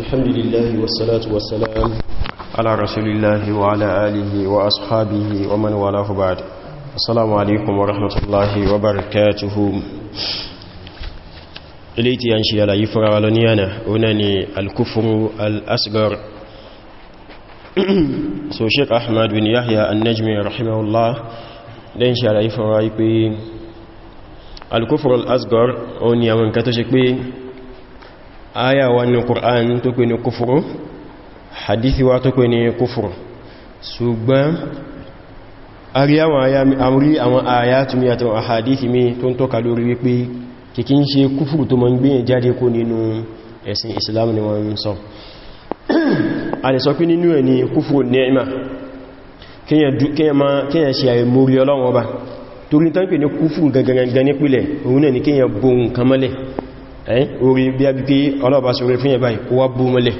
الحمد لله والصلاة والسلام على رسول الله وعلى آله وأصحابه ومن والاه بعد السلام عليكم ورحمة الله وبركاته إليتي أنشي على يفرع ولنيانا أناني الكفر الأسقر سو شيخ أحمد بن يحيى النجم رحمه الله ṣe على fún wa الكفر alkufur al أمن كتشك بي aya wa ní Qur'an tó pè ní hadithi wa tó pè ní kúfùrù ṣùgbọ́n àrí àwọn ayatu mi àti àwọn hadithi mi tó ń tọ́ka lórí wípé kìkí ń ṣe kúfùrù tó mọ́ ń gbé jáde kó nínú ẹ̀sìn Islam ni wọ́n ń sọ a lè sọ pé nínú ẹ̀ ni kúfùrù ni'ma kíyàn ṣe àìmórí ọlọ́wọ́ ba torí tán pè ní kúfùrù gangan ní pìlẹ̀ òun náà ni kíyàn bo nǹkan Eh, orí bí a bí pé ọlọ́ọ̀bá sọ orí fún ẹ̀bá ìkówá bú mọ́lẹ̀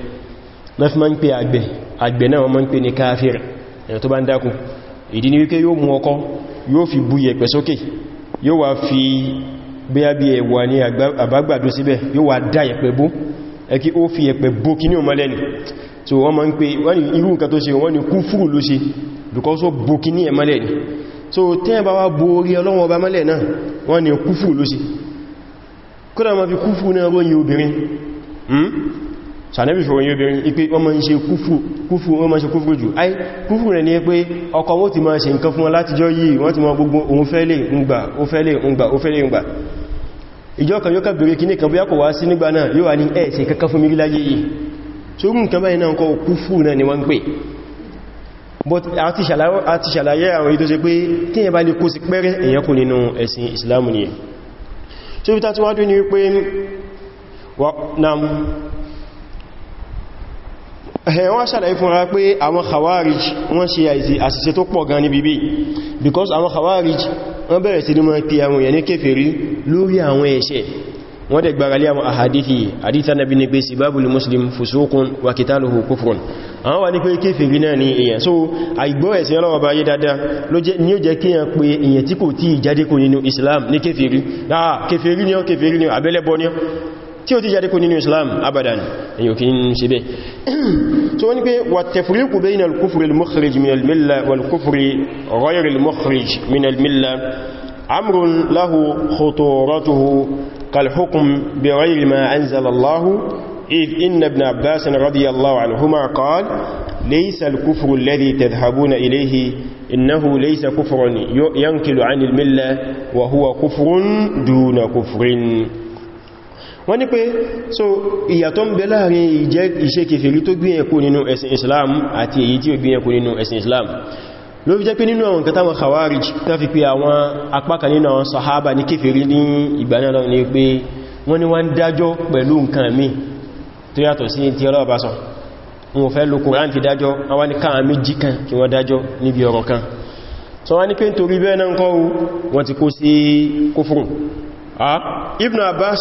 na fi ma ń pè àgbẹ̀ àgbẹ̀ náà wọ́n ma ń pè ní káfíìr ẹ̀rẹ̀ tó bá ń dákun ìdí ni wípé yóò mú ọkọ́ yóò fi bú yẹ̀pẹ̀ sókè yóò wá fi bí a bí ẹ̀wà ní àbágbàdo síbẹ̀ yóò wá dá yẹ̀pẹ̀ bú ẹkí ó fi so wọ́n ma ń pè wọ́n ni irú nǹkan tó so tẹ́ẹ̀bá wá bó orí ọlọ́wọ́ ọba mọ́lẹ̀ náà kódà ma fi kúfù náà ròyìn obìnrin hmm? sànẹ́bì ṣòro yóò bẹ̀rẹ̀ ipé wọ́n ma ń ṣe kúfù wọ́n ma ṣe kúfù jù ai kúfù rẹ̀ ní pé ọkọ wọ́n ti ma ṣe nǹkan fún wọn láti jọ yìí wọ́n ti ma gbogbo òun fẹ́lẹ̀ ǹgbà ó fẹ́lẹ̀ ǹgbà ó fẹ́lẹ̀ ǹgbà ìjọ kan yóò kàbèrè kí ní kan bóyá kò wá sí nígbà náà yóò wà ní ẹ̀ sí kankan fún ni wọ́n pè but a ṣàlàyé àwọn èyí ṣe pé tí ẹ bá lè kó sí pẹ́rẹ́ èyàn kò nínú ẹ̀sìn ìsìlámù nìyẹn so bí tàti wájú ni wípé ẹ̀hẹ̀ wọ́n ṣàlàyé fún ara pé àwọn khawarij wọ́n ṣe àṣìṣe tó pọ̀ gan ní bíbí because àwọn khawarij wọ́n bẹ̀rẹ̀ sí ní mọ́ pí àwọn èèyàn ní kéfèrí lórí àwọn ẹ̀ṣẹ̀ wọ́n dẹ̀ gbára lé àwọn àhàdìtì àdìtà nàbí ní pé sí bábùlì muslim fusukun wa kitaluhu kufrun àwọn wà ní pé kéfèrí náà ní èyàn so àìgbọ́ ẹ̀sìn ọlọ́wọ́ bá yé dáadáa ló jẹ́ ní ó jẹ́ kí pé èyàn tí kò tí jáde kò nínú islam ní pé wà أمر له خطورته كالحكم بغير ما أنزل الله إذ إن ابن عباس رضي الله عنهما قال ليس الكفر الذي تذهبون إليه إنه ليس كفر ينكل عن الملة وهو كفر دون كفر wọ́n ní pé so ìyàtọ̀ ń bẹ láàrin ìjẹ́ ìṣẹ́kẹfẹ̀rí tó gbìyànkú nínú ẹ̀sìn Islam àti èyí tí ó gbìyànkú nínú ẹ̀sìn Islam ló fi jẹ́ pé nínú àwọn kẹtàwọn khawarij tán fi pé àwọn apáka nínú àwọn sahaba ní kéfèrí ní ìgbàníọ̀lọ́ ní pé wọ́n ní wọ́n dájọ́ pẹ̀lú nǹkan mi tó yàtọ̀ sí tí ọlọ́wọ́ bá sọ wọn fẹ́ lo Kùránì fi so wọ́n ní pé nítorí bẹ́ẹ̀ náà kọ́ wọ́n ti kó sí kófùrùn ah, Ibn Abbas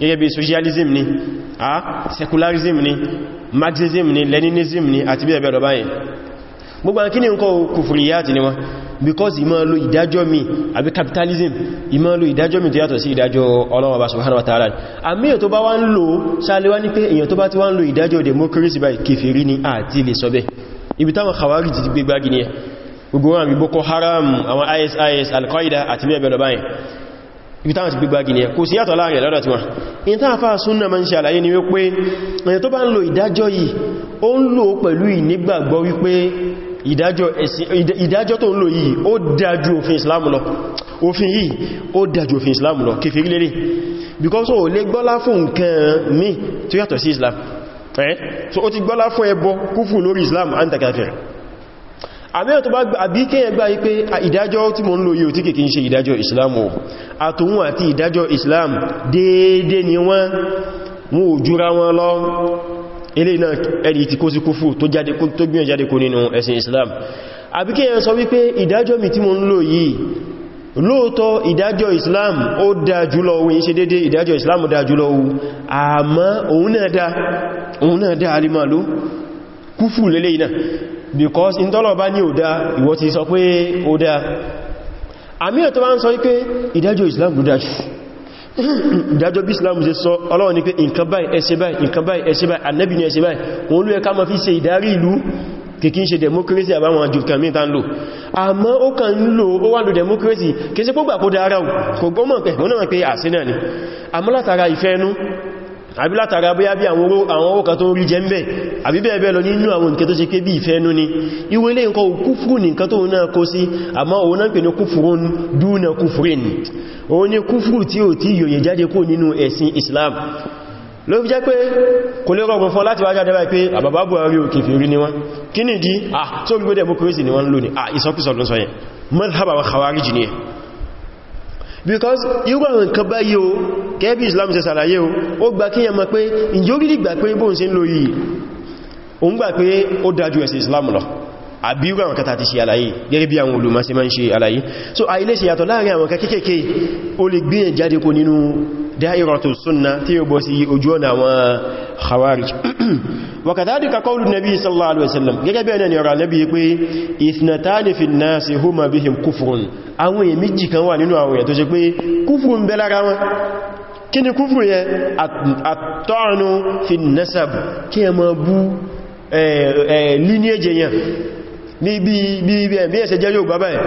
gẹ́gẹ́ bí socialism ni ah, secularism ni marxism ni leninism ni àti bí ẹ̀bẹ̀ ọ̀dọ̀báyìn gbogbo àwọn kíni nǹkan kùfùrìyàtì ni wọ́n because ìmọ̀ lo ìdájọ́ mi àbí capitalism ìmọ̀ lo ìdájọ́ mi tó yàtọ̀ sí ìdájọ́ Ọlọ́run bá subhanahu wa ta'ala àmì èyàn tó bá wá ń lò sáàlẹ́wà ní pé èyàn tó bá ti gini ẹ gbogbo wọn àbí Boko Haram Al-Qaeda àti bẹ́ẹ̀ bẹ́ẹ̀ ìtàwọn ti gbígbági ni kò sí yàtọ̀ láàrin lọ́dọ̀ tí wọ́n in tàà fà súnnà ma ń ṣe àlàyé ni wípé ẹni tó bá ń lo ìdájọ́ yìí ó ń lò pẹ̀lú ìnígbàgbọ́ wípé ìdájọ́ tó ń lò yìí ó dájú òfin Islam lọ because ó lè gbọ́lá fún nǹkan míì tó yàtọ̀ sí Islam àmẹ́rẹ̀ tó bá àbí kíyàn gbá wípé ìdájọ́ tí mo ń lò yíò tí kìí ṣe ìdájọ́ islam o àtòun àti ìdájọ́ islam déédé ni wọ́n mú òjúra wọn lọ ilé náà ẹni tí kó sí kúfù tó gbìyàn kó nínú ẹ̀sìn islam àbí kíyàn sọ wípé ìdájọ́ mi tí mo ń lò yìí lóòtọ́ ìdájọ́ islam ó dáa jùlọ owó yíṣe dédé ìdájọ́ islam dáa jùlọ owó àmọ́ òun náà dáa òun náà dáa alìmọ̀ ló kúfù lélẹ́yìn náà because in tọ́lọ̀ bá ní òdá ìwọ ti sọ pé òdá àmìyàn tó bá ń sọ pé ìdájọ́ Islam ló dájú ìdájọ́ bí Islam ṣe sọ Ọlọ́run ní pé nǹkan báyìí ẹ ṣe báyìí nǹkan báyìí ẹ báyìí Ànábì ní ẹ báyìí fi ṣe ìdarí ìlú kìkí ṣe democracy àbáwọn àjòkà mìta ń lò àmọ́ ó kàn ń lò ó wà lò democracy kìí ṣe pọ́gbà ni àmọ́ látara ìfẹ́ ẹnu àbí látara bóyá bí àwọn owó kan tó ń rí jẹ ń bẹ̀ àbí bẹ́ẹ̀ bẹ́ẹ̀ lọ nínú àwọn nǹkan tó ṣe pé bí ìfẹ́ nú ni ìwé ilé nǹkan kúfùrù nìkan tó náà kó sí àmọ́ òun náà pè ní kúfùrù dúnà kúfùrù Islam ló fi jẹ́ pé kò lè rọrùn fún láti wájá dábáyé pé àbàbá Buhari ò ah tó gbogbo democracy ni wọ́n lò ah ìsọkúsọ ló sọ because irú àwọn kẹ́bí islam ṣe sàlàyé o ó gbà kíyàn mọ̀ pé ìjọ rí gbà pé bóun ṣe ń lo yìí o ń gbà pé ó dájú ẹ̀sìn islam lọ àbí àwọn kẹta ti ṣe àlàyé gẹ́gẹ́ bí àwọn olùmọ̀ sí máa ń ṣe àlàyé so àìlé ṣe yàtọ̀ láàrin àwọn kékèké ó lè gbíyàn jáde kó nínú dáírọ̀tò súnna tí ó bọ́ sí ojú ọ̀nà àwọn khawarij nabi sallallahu alaihi wasallam gẹ́gẹ́ bí ẹni nabi pé ithnatani fi nnasi huma bihim kufrun àwọn èyí méjì kan wà nínú àwọn èyí tó ṣe pé kúfùrùn bẹ lára wọn kí ni kúfùrù yẹn àtọ́ọ̀nù fi nasab kí ẹ máa bú lineage yẹn ní bí bí ẹ̀ṣẹ̀ jẹ́ Yorùbá báyìí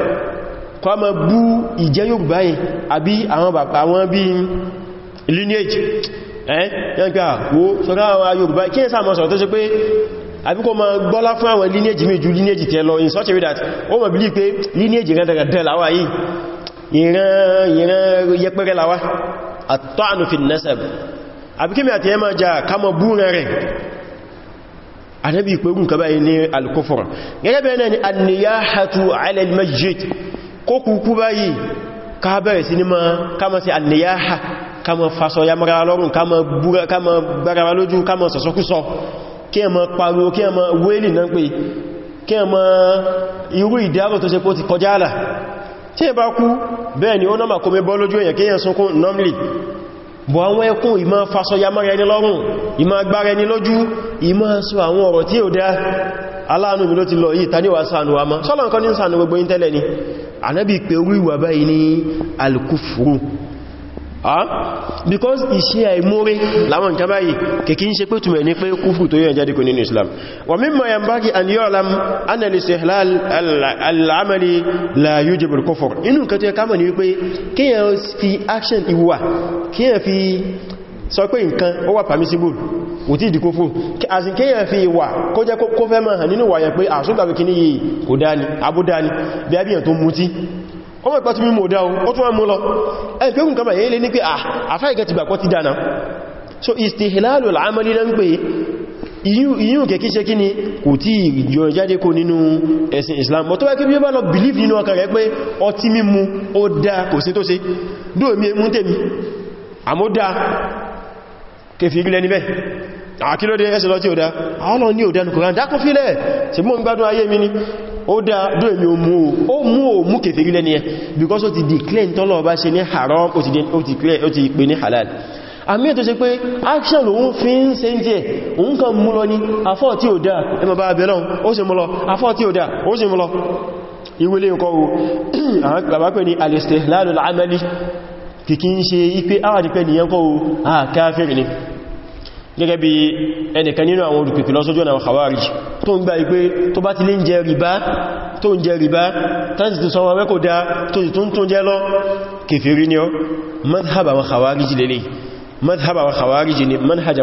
kọ́ máa bú ìjẹ́ Yorùbá yìí àbí àwọn bàbá wọn bí lineage ẹ́ yẹnkà wo sọ́rọ̀ àwọn Yorùbá kí ẹ sáà mọ́ sọ̀rọ̀ tó ṣe pé àbí kó máa gbọ́lá fún àwọn lineage mi ju lineage tẹ lọ in such a way that ó máa believe pé lineage rẹ̀ dẹ̀rẹ̀ dẹ̀ láwá yìí ìran ìran yẹpẹrẹ láwá at-ta'nu fi an-nasab àbíkí mi àti ẹmà jà ká mọ̀ búrẹ̀ rẹ̀ ànábì ìpẹ̀rún kaba yìí ní al gẹ́gẹ́ bẹ́ẹ̀ náà ni an-niyahatu 'ala al-masjid kó kúkú báyìí ká bẹ̀rẹ̀ sí ní ma ká mọ̀ sí an-niyaha ká mọ̀ fasọ ya mara lọ́rùn ká mọ̀ gbára lójú ká mọ̀ kí ẹ mọ̀ pariwo kí ẹ mọ̀ wéèlì náà pé kí ẹ mọ̀ irú ìdáàbò tó ṣe kó ti kọjá tí ẹ bá kú bẹ́ẹ̀ ni ó náà kò mẹ́ bọ́ lójú èyàn kí èyàn sunkún normally bọ̀ àwọn ẹkùn ìmá fasọya mọ́ra ẹni lọ́rùn ìmá agbára ẹni lójú ìmá sọ àwọn ọ̀rọ̀ tí ó dá aláàánú mi ló ti lọ yìí ta níwà sànù wa mọ́ sọ́lọ̀ nǹkan ní sànù gbogbo yín ni ànábì pé orí ìwà ní alkufuru ah because iṣẹ́ àìmórí láwọn nǹkan báyìí kìkí ń ṣe pé túnmẹ̀ ní pé kúfù tó yẹn jáde kò nínú Islam wà mímọ̀ yẹn bá kí àníyànlám annalise al'amali la yujibu al-kufr inú nǹkan tó yẹ kámọ̀ ní wípé kíyàn fi action ìwà kíyàn fi sọ pé nǹkan ó wà permissible kò tí ìdíkó fún àti kíyàn fi ìwà kó jẹ́ kó fẹ́ mọ̀ hàn nínú wà yẹn ah, ọmọ ìpá tí mímọ̀ dáun o. tún wọ́n mú lọ ẹgbẹ́gùn kama yẹ́ ilé ní pé ah, àfáìgẹ́ ti gbàkọ́ ti dána so istihlalu al'amali na ń pè ìyún kẹ̀kí ṣe kí ni kò tí ìjọ jáde kó nínú ẹ̀sìn Islam bọ̀ wá kí bí ó bá lọ believe nínú ọkà rẹ̀ pé ọtí mímu ó dá kò sí tó sí mú tèmi àmó dá kẹfì níbẹ̀ àkílódé ah, ẹsẹ̀ lọ tí ó dá àwọn ní ò dá dákún fílẹ̀ ó dá dó èmi o mú o mú o mú kèfèrí lẹ́ni ẹ because ó ti declare ní tọ́lọ̀ ọba ṣe ní haram ó ti pè ní halal àmì ètò ṣe pé action lòun fi ń se ń jẹ́ òun kan mú lọ ní afọ́ tí ó dá ẹmọ bá abẹ́ lọ́n ó ṣe mú lọ afọ́ tí dá ó ṣe mú lọ ìwélé nǹkan o àwọn bàbá pẹ̀ ní al-istihlal al-amali kìkí ń ṣe ipé àwọn àdìpẹ́ o àkáfẹ́rì ah, ni gẹ́gẹ́ bí ẹnìkan nínú àwọn olùpìpì lọ́sọ́jọ́ àwọn Khawarij tó ń gbà ipé tó bá ti lè ń jẹ rìbá tó ń jẹ rìbá tánzì tó sanwọ́ mẹ́kò dá tó sì tún tó jẹ́ lọ kèfèrí ni ọ madhhab àwọn Khawarij lélẹ̀ madhhab àwọn Khawarij ni manhaj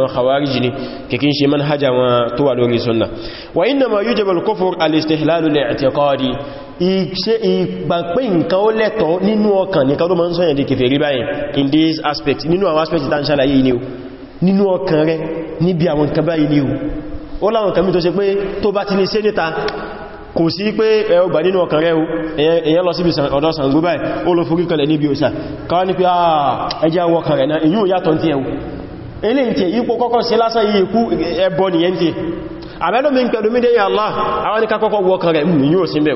ni kìkín ṣe manhaj àwọn ìgbàgbé nǹkan ó lẹ́tọ̀ọ́ nínú ọkàn nìkan ló máa ń sọ́yàn di kèfèrí báyìí in this aspect nínú àwọn aspect tá ń ṣàlàyé ni o nínú ọkàn rẹ níbi àwọn nǹkan báyìí ni o ó láwọn nǹkan mi tó ṣe pé tó bá ti ní ṣe kò sí pé gbà nínú ọkàn rẹ o èyàn lọ síbi ọ̀dọ̀ Ṣàngó báyìí ó lọ forí kanlẹ̀ níbi òsà káwọn ní pé ẹjá wọkàn rẹ̀ náà èyí ò yàtọ̀ tí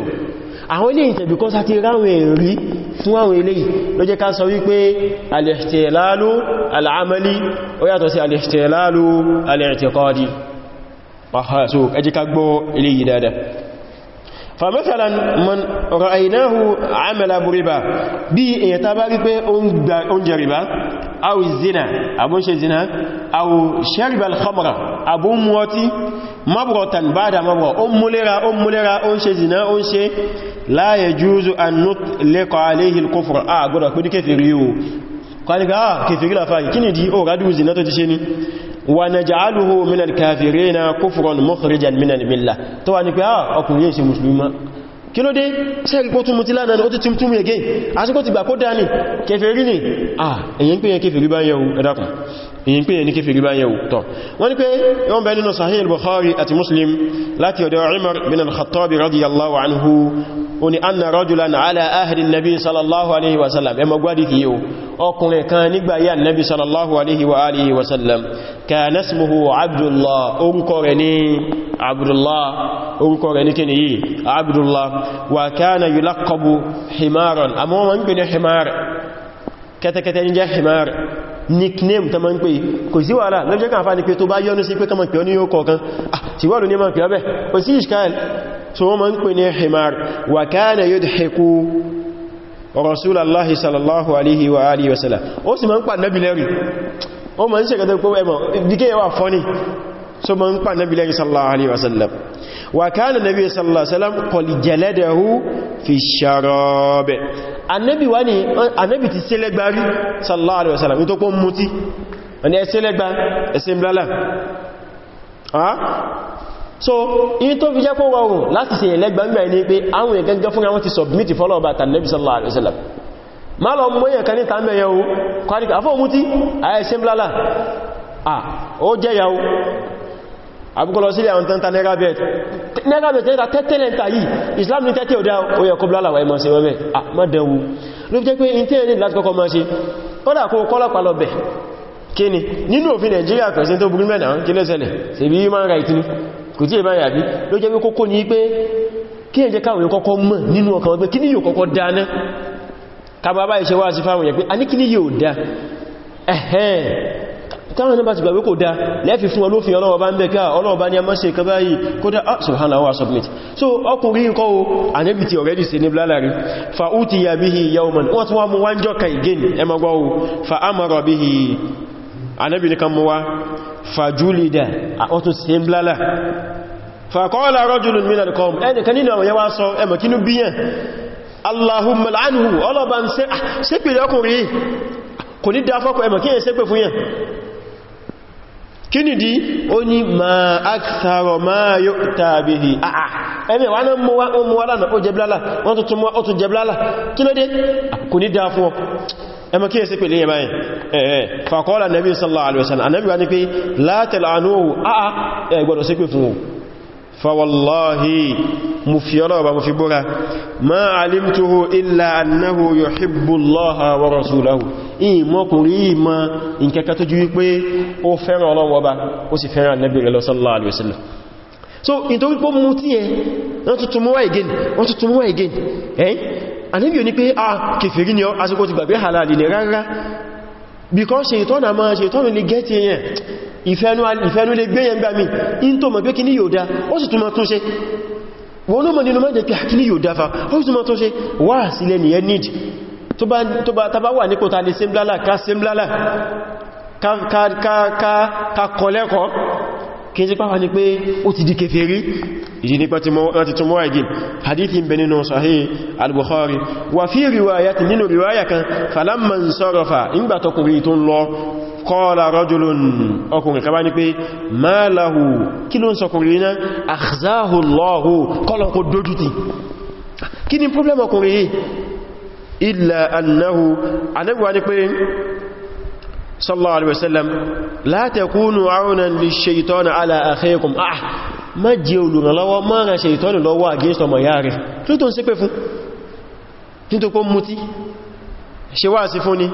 ẹwù àwọn ilé ìtẹ̀ because àti ráwọn èrí fún àwọn ilé ló jẹ́ ká sọ wípé al-ihtilalu al-amali ó yàtọ̀ sí al-ihtilalu al-i'tiqadi so ẹ ká gbọ́ ilé yìí dáadáa فمثلا من رأيناه عمل بربا bí èyàn tàbá rí pé ó ń aw zina abu ṣe zina aw sharibal khamra abu muwati mabratan bada mabra ó múlera ó múlera ó ṣe zina ó ṣe la yajuzu an nutliqa alayhi al-kufr a gbọ́dọ̀ pé ní kèfèrí o kọ́nìká kèfèrí la fàyí kí ni di ó rádù zina tó ti ṣe ni wa naj'aluhu min al-kafirina kufran mukhrijan min al-millah tó wà ní a ọkùnrin yẹ́ ṣe musulmi kí ló dé ṣe rí pọ́n túnmù tí lánàá ni ó ti tún túnmù again àsìkò ti gbà kó dá ní kèfèrí ní ah èyí ń pè yẹn kèfèrí bá yẹ̀wò ẹ̀dàkùn èyí ń pè yẹn ní kèfèrí bá yẹ̀wò tọ́ wọ́n ni pé wọ́n bẹ nínú Sahih oni anna rajulan ala ahdi nabi sallallahu alaihi wasallam ẹ magwadi fi yíò ọkùnrin kan nígbà yà nabi sallallahu alaihi wa alihi wasallam kana ismuhu abdullah orúkọ rẹ̀ ní abdullah orúkọ rẹ̀ ní kíni yìí abdullah wa kana yulaqabu himaran àmọ́ wọ́n ń pè ní himar kẹ́tẹ́kẹ́tẹ́ ní jẹ́ himar nickname ta ma ń pè kò sí wàhálà lọ́jọ́ kan fà ní pé tó bá yọ́nú sí pé kọmọ̀ pẹ̀ ọ́ yóò kọ̀ọ̀kan so wọ́n ma ń pè ní himar wa kana yudhiku rasulallahi sallallahu alaihi wa alihi wasallam ó sì ma ń pa nabi lẹ́rin ó ma ń ṣe kẹta pọ́wọ́ ẹmọ díkẹ́ wà fọ́ni so ma ń pa nabi lẹ́rin sallallahu alaihi wasallam wa kana nabi sallallahu alaihi wasallam qad fi sharab so in tó fi jẹ́ kó rọrùn láti ṣe ẹlẹ́gbẹ̀mgbẹ̀ ní pé àwọn èèyàn gẹ́gẹ́ fún àwọn ti submit fọ́lọ́ọ̀bá tàbí sallallahu alaihi wasallam ma lọ mọ́ èèyàn kan ní tàbí yau kọ́ríkà afọ́ mú tí àyẹ̀ṣẹ́ blálà à ó jẹ́ yau àbúkọlọ sílẹ̀ àwọn tẹ́ntà nerabet nerabet tẹ́ntà tẹ́tẹ́lẹ̀ntà yìí Islam ní tẹ́tẹ́ òdá ó yẹ kó blálà wà ẹmọ́ sí wẹ́wẹ́ à mọ́dẹ̀wú ló fi jẹ́ pé in tẹ́rẹ ní láti kọ́kọ́ máa ṣe kọ́dà kó kọ́lọ̀pàá lọ bẹ̀ kíni nínú òfin Nàìjíríà pẹ̀sẹ̀ tó burú mẹ́nà kí lẹ́sẹ̀lẹ̀ sí bí human right ni kò tí ìbáyà bí ló jẹ́ wípé kókó ní pé kí ẹ jẹ́ káwọn kọ́kọ́ mọ̀ nínú ọkàn pé kí ní yóò kọ́kọ́ dáná kàbàbá ìṣẹ́ wá sí fáwọn yẹ̀ pé a ní kí ní yóò dá ẹ̀hẹ́n táwọn ẹni bá ti gbàgbé kò dá ah, submit so ọkùnrin nǹkan o ànẹ́bì ti already ṣe ní fa utiya bihi yawman wọ́n tún wá mú wájọ́ ka fa amara bihi anábì ní kan mú wá fàjúlìdà àwọ́tún sí ń blálà fàkọ́ọ̀lá rọ́jùlùn mínà kọm ẹnìkan nínú àwọn yẹwà sọ ẹmọ̀ kínú bíyàn allahumma al'anhu ọlọ́ba ń ah, ṣépè lọ́kùnrin kò ní dá fọ́kọ̀ ẹmọ̀ kíyàn ṣépè fún yàn kí ni dí ó ní ma aktharo ma yu'ta bihi àà ah, ah. ẹni wà náà mọ́ wọ́n mọ́ lánàá ó jẹblálà wọ́n tuntun mọ́ ó ló dé kò ní dá fún ẹmọ̀ kíyàn ṣépè lè yẹ báyìí Eh, eh. fàkọ́lá nàbí sallallahu alaihi wasallam anábí wa ní pé látẹ̀lá anúhù àà ah. ẹgbọ́dọ̀ sí pé fún fàwàláhì mú fi ọlọ́ọ̀bá mú fi búra ma alimtuhu illa annahu yuhibbullaha wa rasulahu ìmọ́kùnrin ìmọ́ ìkẹ́kẹ́ tó jú wípé ó so nítorí pé mú tí ẹ wọ́n tuntun mọ́wàá again wọ́n tuntun mọ́wàá again ẹ́ Ànábì ò ní pé a ah, ni ọ àsìkò ti gbàgbé halal ní rárá because ṣètọ́nà ma ṣètọ́nà lè gẹ́ẹ̀tì èyàn ìfẹ́nú lè gbẹ́yẹn gbà mí in tó mọ̀ pé kí ní yóò dá ó sì túnmọ̀ tún ṣe wọn náà nínú mẹ́jẹ̀ pé ah, kí ní yóò dáfà ó sì túnmọ̀ tún ṣe wà sílẹ̀ ní ẹnìdì tó bá tàbá wà nípò ta lè semblala ká semblala ká kọlẹ́kọ̀ọ́ kí sí pàwọn ni pé ó ti di kèfèrí ìdí nípa tí wọ́n ti tún mọ́ àìgì hadithi ń bẹ nínú sahih al-bukhari wà fí riwaya ti nínú riwaya kan falamman sọ́rọ̀fà ìgbà tọkùnrin tó ń lọ qala rajulun ọkùnrin kaba ní pé ma lahu kí ló sallallahu alaihi wasallam la takunu aunan lish-shaytan ala akhikum ah má jẹ́ olùrànlọ́wọ́ má ràn ṣètọ́nù lọ́wọ́ against ọmọ ìyá rẹ̀ tó tó ń ṣépè fún nítorí kó mutí ṣe wá sí fún ni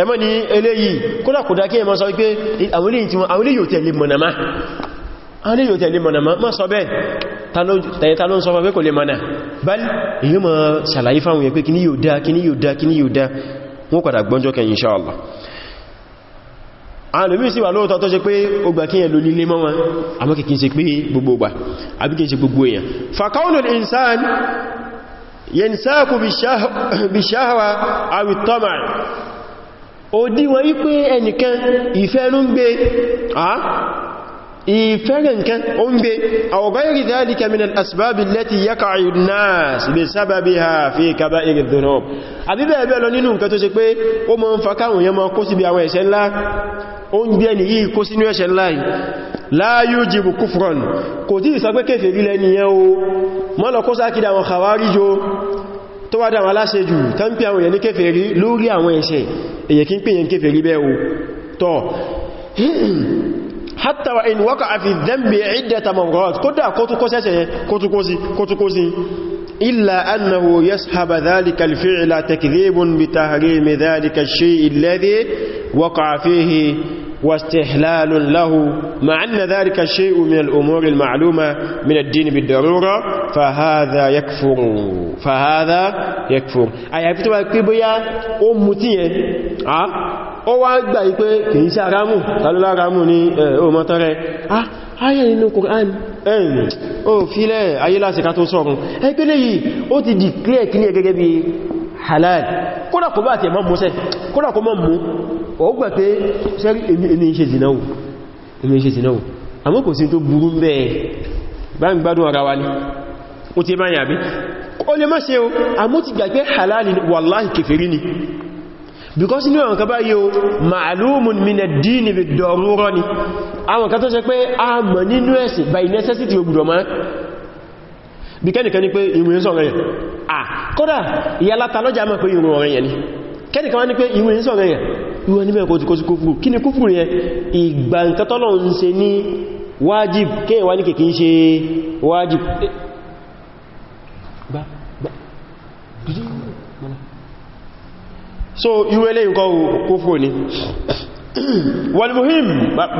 ẹmọ́ ni eléyìí kódàkódà kí ẹmọ́ sọ wípé àwọn eléyìí tí wọ́n àwọn eléyìí ò tẹ̀lé mọ̀nàmá àwọn eléyìí ò tẹ̀lé mọ̀nàmá má sọ bẹ́ẹ̀ tàyẹta ló ń sọ fẹ́ kò lè mọ̀nà báyìí èyí mọ̀ ṣàlàyé fáwọn yẹn pé kíní yóò dá kíní yóò dá kíní yóò dá wọ́n padà gbọ́njọ́ kẹ́yìn insha Allah àlùmí sí wà lóòtọ́ tó ṣe pé ogbà kí yẹn ló nílé mọ́ wọn àmọ́ kìí ṣe pé gbogbo ọgbà àbí kìí ṣe gbogbo èèyàn fàkọ́nù insan yansaku bishahwa awi tọ́mà ó dí wọ́n yí pé ẹnìkan ìfẹ́ ìfẹ́rẹ̀ nǹkan o ń gbé àwọ̀gáyìrì dhalika min al-asbabi allati yaqa'u an-nas bisababiha fi kaba'iri dhunub àbíbẹ̀ẹ̀bẹ̀ lọ nínú nǹkan tó ṣe pé ó mọ́ ń fa káwọn yẹn mọ́ kó síbi àwọn ẹ̀ṣẹ̀ ńlá ó ń gbé ẹni yìí kó sínú ẹ̀ṣẹ̀ ńlá la yujibu kufran kò tí ìsọ pé hatta wa in waqa'a fi dhanbi 'iddata marrat kódà kó tún kó sẹ́sẹ̀ yẹn kó tún kó sí kó tún kó sí illa annahu yashaba dhalika al-fi'la takdhibun bi tahrimi dhalika ash-shay'i alladhi waqa'a fihi واستحلال له مع أن ذلك الشيء من الأمور المعلومة من الدين بالضرورة فهذا يكفر فهذا يكفر أي أفتوا كيبيا أمتين ó wá gbà yí pé kìí ṣe àrámù tàlúlá rámù ní ọmọtọ́rẹ ayẹ́ nínú Qur'an ẹ̀yìn ó fílẹ̀ ayé láti ká tó sọ́run ẹgbẹ́lẹ̀ yìí ó ti declare kí ní gẹ́gẹ́ bí halal kódà kó bá ti ẹ̀mọ́ mú sẹ́ kódà kó mọ́ mú ó gbà pé sẹ́rí èmi ṣe zìnáwò àmọ́ kò sí tó burú bẹ́ẹ̀ bá ń gbádùn halal wallahi kèfèrí ni because inú àwọn kaba yíò ma'alumun min ad-din bid-darura ni àwọn kan tó ṣe pé a mọ̀ nínú ẹ̀sìn by necessity ogudọ̀ ma bí kẹ́nìkan ní pé ìwé ń sọ̀rọ̀ yẹn ah kódà ìyálátà lọ́jà mọ̀ pé ìwé ọ̀rẹ́ yẹn ni kẹ́nìkan wá ní pé ìwé ń sọ̀rọ̀ yẹn ìwé níbẹ̀ kò tí kó sí kúfùrù kí ni kúfùrù yẹn ìgbà nǹkan tọ́lọ̀ ń ṣe ní wájib kéèwá ní kèkí ń ṣe wájib so ìwẹ́lẹ́ nǹkan kúfùrù ni والمهم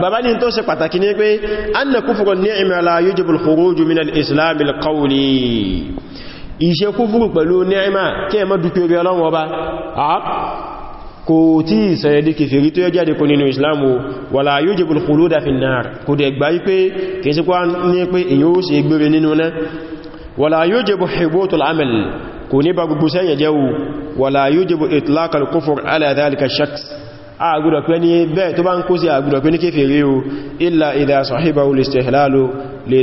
bàbá ní tó ṣe pàtàkì ní pé anna kufru ni'ma la yujibu al-khuruj min al-islam al-qawli iṣẹ́ kúfùrù pẹ̀lú ni'ma kí ẹ má dúpẹ́ orí Ọlọ́run ọba kò tí ìsẹ̀yẹ̀dì kìfèrí tó yẹ jáde kò nínú islamu kò ní bá gbogbo sẹ́yẹ̀ jẹ́ o wala yujibu itlaq al-kufr ala dhalika shakhs àgùdọ̀ pé ní bẹ́ẹ̀ tó bá ń kó sí àgùdọ̀ pé ní kéfèrè o illa idha sahibahu al-istihlalu ni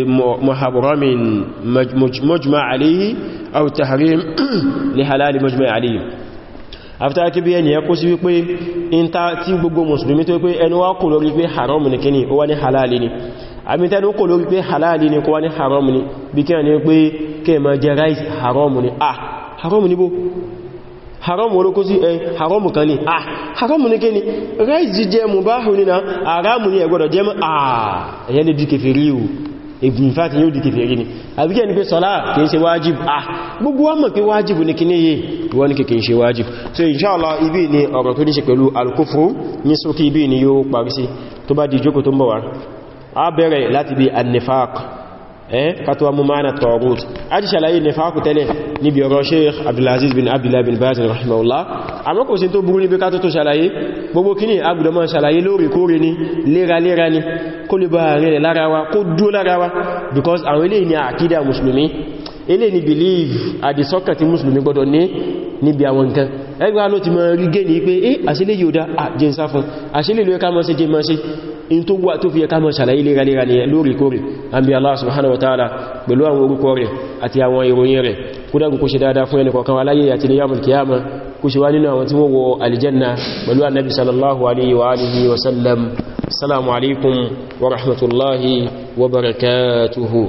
àmì tẹ́nu kò lórí pé halali ni kó wá ní haram ni bí kí ní pé kí ma jẹ rice haram ni ah haram ni bó haram wọ́n sí ẹ eh, haram kan ni ah haram ni kí ni rice jíjẹ mubahu ni na haram ni ẹgbọ́dọ̀ jẹ mọ́ ah ẹ̀yẹ́ lè di kèfèrí o ìgbìn fàtí yóò di kèfèrí ni àbí ah gbogbo wa mọ̀ pé wájib ní kíní yìí wọ́n ní so inshallah ibi ni ọ̀rọ̀ tó ní ṣe pẹ̀lú ni yóò parí sí tó bá di ìjókòó tó ń bọ̀ wá a bẹ̀rẹ̀ láti bí annifaq eh katuwa mu mana taurut a ti ṣàlàyé nifaku tẹ́lẹ̀ níbi ọ̀rọ̀ sheikh abdulaziz bin abdullah bin baz rahimahullah àmọ́ kò sí tó burú níbi ká tó tó ṣàlàyé gbogbo kíní agbùdọ̀ mọ́ ṣàlàyé lóòrèkóòrè ni léraléra ni kó lè bá rẹ̀ lára kó dúó lára because àwọn ilé ni àkídà musulmi ilé ni believe àdìsọ́kàn tí mùsùlùmí gbọdọ̀ ní níbi àwọn nǹkan ẹgbẹ́ ló ti mọ̀ rí gẹ́ ní pé eh àṣílẹ̀ yóò dá àjẹ́ ìsáfún àṣílẹ̀ ló yẹ ká mọ́ sí jẹ́ mọ́ sí in tó wà tó fi yẹ mọ́ ṣàlàyé léraléra ní lóòrèkóòrè àbí Allah wa ta'ala pẹ̀lú àwọn orúkọ rẹ̀ àti àwọn ìròyìn rẹ̀ kúdàgùn kó ṣe dáadáa fún ẹnì kọ̀ọ̀kan aláyé sallallahu alaihi wa alihi wa sallam assalamu